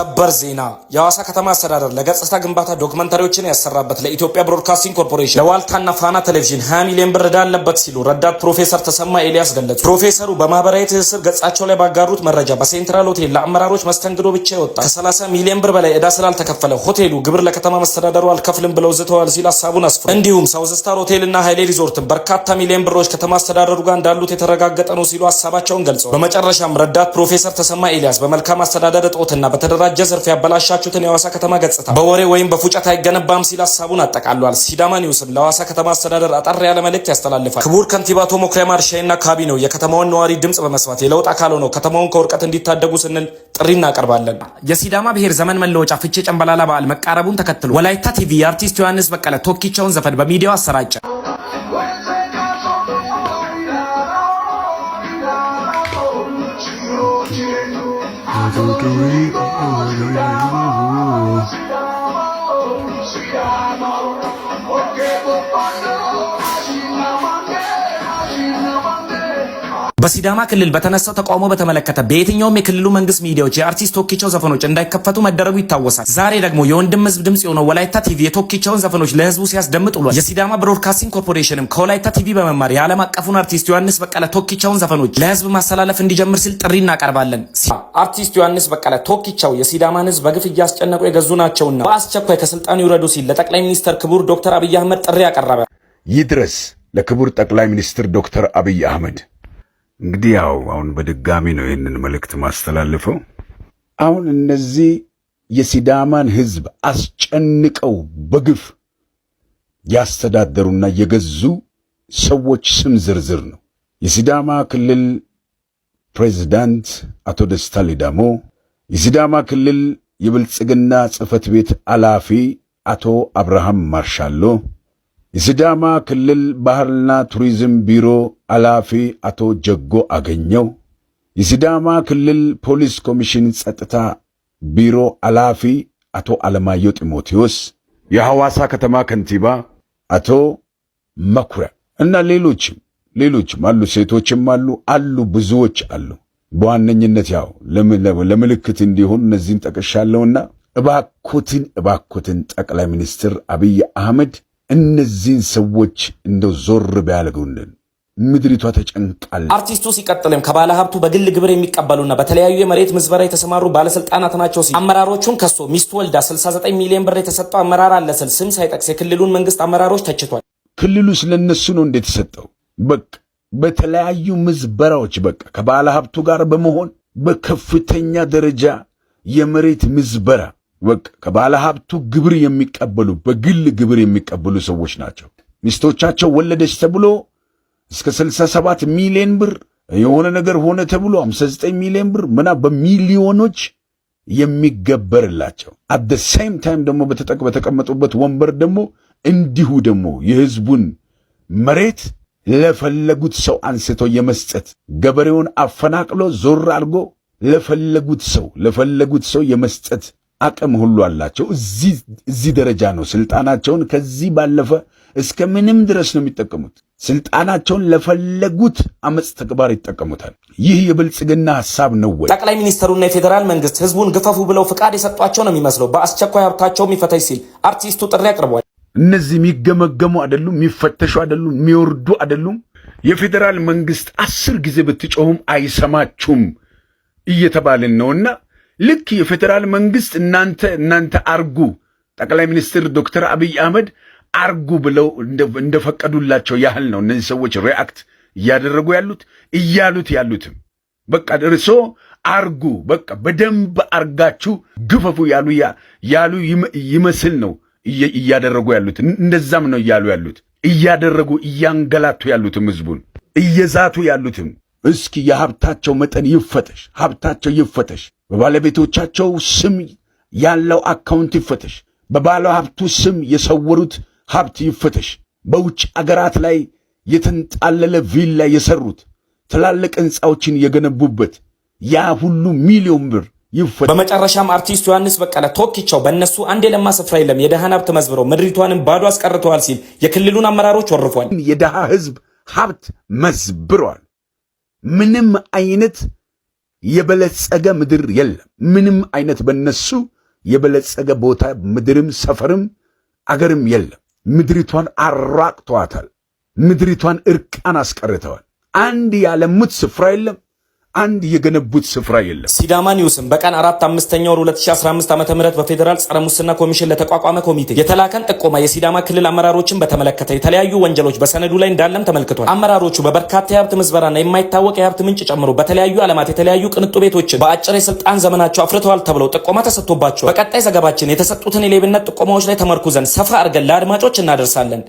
ሰበር ዜና የሐዋሳ ከተማ አስተዳደር ለገጽታ ግንባታ ዶክመንታሪዎችን ያሰራበት ለኢትዮጵያ ብሮድካስቲንግ ኮርፖሬሽን ለዋልታና ፋና ቴሌቪዥን 20 ሚሊዮን ብር ዕዳ አለበት ሲሉ ረዳት ፕሮፌሰር ተሰማ ኤልያስ ገለጹ። ፕሮፌሰሩ በማህበራዊ ትስስር ገጻቸው ላይ ባጋሩት መረጃ በሴንትራል ሆቴል ለአመራሮች መስተንግዶ ብቻ ይወጣል ከ30 ሚሊዮን ብር በላይ ዕዳ ስላልተከፈለ ሆቴሉ ግብር ለከተማ መስተዳደሩ አልከፍልም ብለው ዝተዋል ሲል ሀሳቡን አስፍ እንዲሁም ሳውዝ ስታር ሆቴልና ሀይሌ ሪዞርትን በርካታ ሚሊዮን ብሮች ከተማ አስተዳደሩ ጋር እንዳሉት የተረጋገጠ ነው ሲሉ ሀሳባቸውን ገልጸዋል። በመጨረሻም ረዳት ፕሮፌሰር ተሰማ ኤልያስ በመልካም አስተዳደር እጦትና በተደራ ጀዘር ዘርፍ ያበላሻችሁትን የሐዋሳ ከተማ ገጽታ በወሬ ወይም በፉጨት አይገነባም ሲል ሀሳቡን አጠቃሏል። ሲዳማ ኒውስም ለሐዋሳ ከተማ አስተዳደር አጠር ያለ መልእክት ያስተላልፋል። ክቡር ከንቲባ አቶ መኩሪያ ማርሻይና ካቢኔው የከተማውን ነዋሪ ድምጽ በመስማት የለውጥ አካል ሆነው ከተማውን ከውድቀት እንዲታደጉ ስንል ጥሪ እናቀርባለን። የሲዳማ ብሔር ዘመን መለወጫ ፍቼ ጨንበላላ በዓል መቃረቡን ተከትሎ ወላይታ ቲቪ የአርቲስት ዮሐንስ በቀለ ቶኪቻውን ዘፈን በሚዲያው አሰራጨ። victory. Oh, yeah, yeah, yeah. በሲዳማ ክልል በተነሳው ተቃውሞ በተመለከተ በየትኛውም የክልሉ መንግስት ሚዲያዎች የአርቲስት ቶኪቻው ዘፈኖች እንዳይከፈቱ መደረጉ ይታወሳል። ዛሬ ደግሞ የወንድም ህዝብ ድምጽ የሆነው ወላይታ ቲቪ የቶኪቻውን ዘፈኖች ለህዝቡ ሲያስደምጥ ውሏል። የሲዳማ ብሮድካስቲንግ ኮርፖሬሽንም ከወላይታ ቲቪ በመማር የዓለም አቀፉን አርቲስት ዮሐንስ በቀለ ቶኪቻውን ዘፈኖች ለህዝብ ማስተላለፍ እንዲጀምር ሲል ጥሪ እናቀርባለን። አርቲስት ዮሐንስ በቀለ ቶኪቻው የሲዳማን ህዝብ በግፍ እያስጨነቁ የገዙ ናቸውና በአስቸኳይ ከስልጣን ይውረዱ ሲል ለጠቅላይ ሚኒስትር ክቡር ዶክተር አብይ አህመድ ጥሪ አቀረበ። ይድረስ ለክቡር ጠቅላይ ሚኒስትር ዶክተር አብይ አህመድ እንግዲህ ያው አሁን በድጋሚ ነው ይህንን መልእክት ማስተላልፈው። አሁን እነዚህ የሲዳማን ህዝብ አስጨንቀው በግፍ ያስተዳደሩና የገዙ ሰዎች ስም ዝርዝር ነው። የሲዳማ ክልል ፕሬዚዳንት አቶ ደስታ ሌዳሞ፣ የሲዳማ ክልል የብልጽግና ጽህፈት ቤት ኃላፊ አቶ አብርሃም ማርሻሎ፣ የሲዳማ ክልል ባህልና ቱሪዝም ቢሮ ኃላፊ አቶ ጀጎ አገኘው፣ የሲዳማ ክልል ፖሊስ ኮሚሽን ጸጥታ ቢሮ ኃላፊ አቶ አለማየሁ ጢሞቴዎስ፣ የሐዋሳ ከተማ ከንቲባ አቶ መኩሪያ እና ሌሎችም ሌሎችም አሉ፣ ሴቶችም አሉ አሉ ብዙዎች አሉ። በዋነኝነት ያው ለምልክት እንዲሆን እነዚህን ጠቅሻለሁና እባኮትን እባኮትን ጠቅላይ ሚኒስትር አብይ አህመድ እነዚህን ሰዎች እንደው ዞር ቢያደርጉልን ምድሪቷ ተጨንቃለች። አርቲስቱ ሲቀጥልም ከባለ ሀብቱ በግል ግብር የሚቀበሉና በተለያዩ የመሬት ምዝበራ የተሰማሩ ባለስልጣናት ናቸው ሲል አመራሮቹን ከሶ ሚስት ወልዳ 69 ሚሊዮን ብር የተሰጠው አመራር አለ ስል ስም ሳይጠቅስ የክልሉን መንግስት አመራሮች ተችቷል። ክልሉ ስለነሱ ነው እንዴት ተሰጠው? በቃ በተለያዩ ምዝበራዎች በቃ ከባለ ሀብቱ ጋር በመሆን በከፍተኛ ደረጃ የመሬት ምዝበራ በቃ ከባለ ሀብቱ ግብር የሚቀበሉ በግል ግብር የሚቀበሉ ሰዎች ናቸው። ሚስቶቻቸው ወለደች ተብሎ እስከ 67 ሚሊዮን ብር የሆነ ነገር ሆነ ተብሎ 59 ሚሊዮን ብር ምና በሚሊዮኖች የሚገበርላቸው አት ሴም ታይም ደግሞ በተቀመጡበት ወንበር ደግሞ እንዲሁ ደግሞ የህዝቡን መሬት ለፈለጉት ሰው አንስቶ የመስጠት ገበሬውን አፈናቅሎ ዞር አድርጎ ለፈለጉት ሰው ለፈለጉት ሰው የመስጠት አቅም ሁሉ አላቸው። እዚህ ደረጃ ነው ስልጣናቸውን ከዚህ ባለፈ እስከ ምንም ድረስ ነው የሚጠቀሙት። ስልጣናቸውን ለፈለጉት አመፅ ተግባር ይጠቀሙታል። ይህ የብልጽግና ሀሳብ ነው ወይ? ጠቅላይ ሚኒስተሩና የፌዴራል መንግስት ህዝቡን ግፈፉ ብለው ፍቃድ የሰጧቸው ነው የሚመስለው። በአስቸኳይ ሀብታቸው የሚፈተሽ ሲል አርቲስቱ ጥሪ አቅርቧል። እነዚህ የሚገመገሙ አይደሉም፣ የሚፈተሹ አይደሉም፣ የሚወርዱ አይደሉም። የፌዴራል መንግስት አስር ጊዜ ብትጮሁም አይሰማችሁም እየተባልን ነውና ልክ የፌዴራል መንግስት እናንተ እናንተ አርጉ ጠቅላይ ሚኒስትር ዶክተር አብይ አህመድ አርጉ ብለው እንደፈቀዱላቸው ያህል ነው እነዚህ ሰዎች ሪአክት እያደረጉ ያሉት እያሉት ያሉትም በቃ እርሶ አርጉ በቃ በደንብ አርጋችሁ ግፈፉ ያሉ ያሉ ይመስል ነው እያደረጉ ያሉት። እንደዛም ነው እያሉ ያሉት እያደረጉ እያንገላቱ ያሉትም ህዝቡን እየዛቱ ያሉትም። እስኪ የሀብታቸው መጠን ይፈተሽ፣ ሀብታቸው ይፈተሽ፣ በባለቤቶቻቸው ስም ያለው አካውንት ይፈተሽ፣ በባለ ሀብቱ ስም የሰወሩት ሀብት ይፈተሽ። በውጭ አገራት ላይ የተንጣለለ ቪላ የሰሩት ትላልቅ ህንፃዎችን የገነቡበት ያ ሁሉ ሚሊዮን ብር በመጨረሻም አርቲስት ዮሐንስ በቀለ ቶኪቻው በእነሱ አንድ የለማ ስፍራ የለም የደሃን ሀብት መዝብረው ምድሪቷንም ባዶ አስቀርተዋል ሲል የክልሉን አመራሮች ወርፏል። የደሃ ህዝብ ሀብት መዝብረዋል። ምንም አይነት የበለጸገ ምድር የለም። ምንም አይነት በነሱ የበለጸገ ቦታ ምድርም፣ ሰፈርም አገርም የለም። ምድሪቷን አራቅተዋታል። ምድሪቷን እርቃን አስቀርተዋል። አንድ ያለሙት ስፍራ የለም። አንድ የገነቡት ስፍራ የለም። ሲዳማ ኒውስም በቀን አራት አምስተኛ ወር 2015 ዓ ም በፌዴራል ጸረ ሙስና ኮሚሽን ለተቋቋመ ኮሚቴ የተላከን ጥቆማ የሲዳማ ክልል አመራሮችን በተመለከተ የተለያዩ ወንጀሎች በሰነዱ ላይ እንዳለም ተመልክቷል። አመራሮቹ በበርካታ የሀብት ምዝበራና የማይታወቅ የሀብት ምንጭ ጨምሮ በተለያዩ ዓለማት የተለያዩ ቅንጡ ቤቶችን በአጭር የስልጣን ዘመናቸው አፍርተዋል ተብለው ጥቆማ ተሰጥቶባቸዋል። በቀጣይ ዘገባችን የተሰጡትን የሌብነት ጥቆማዎች ላይ ተመርኩዘን ሰፋ አድርገን ለአድማጮች እናደርሳለን።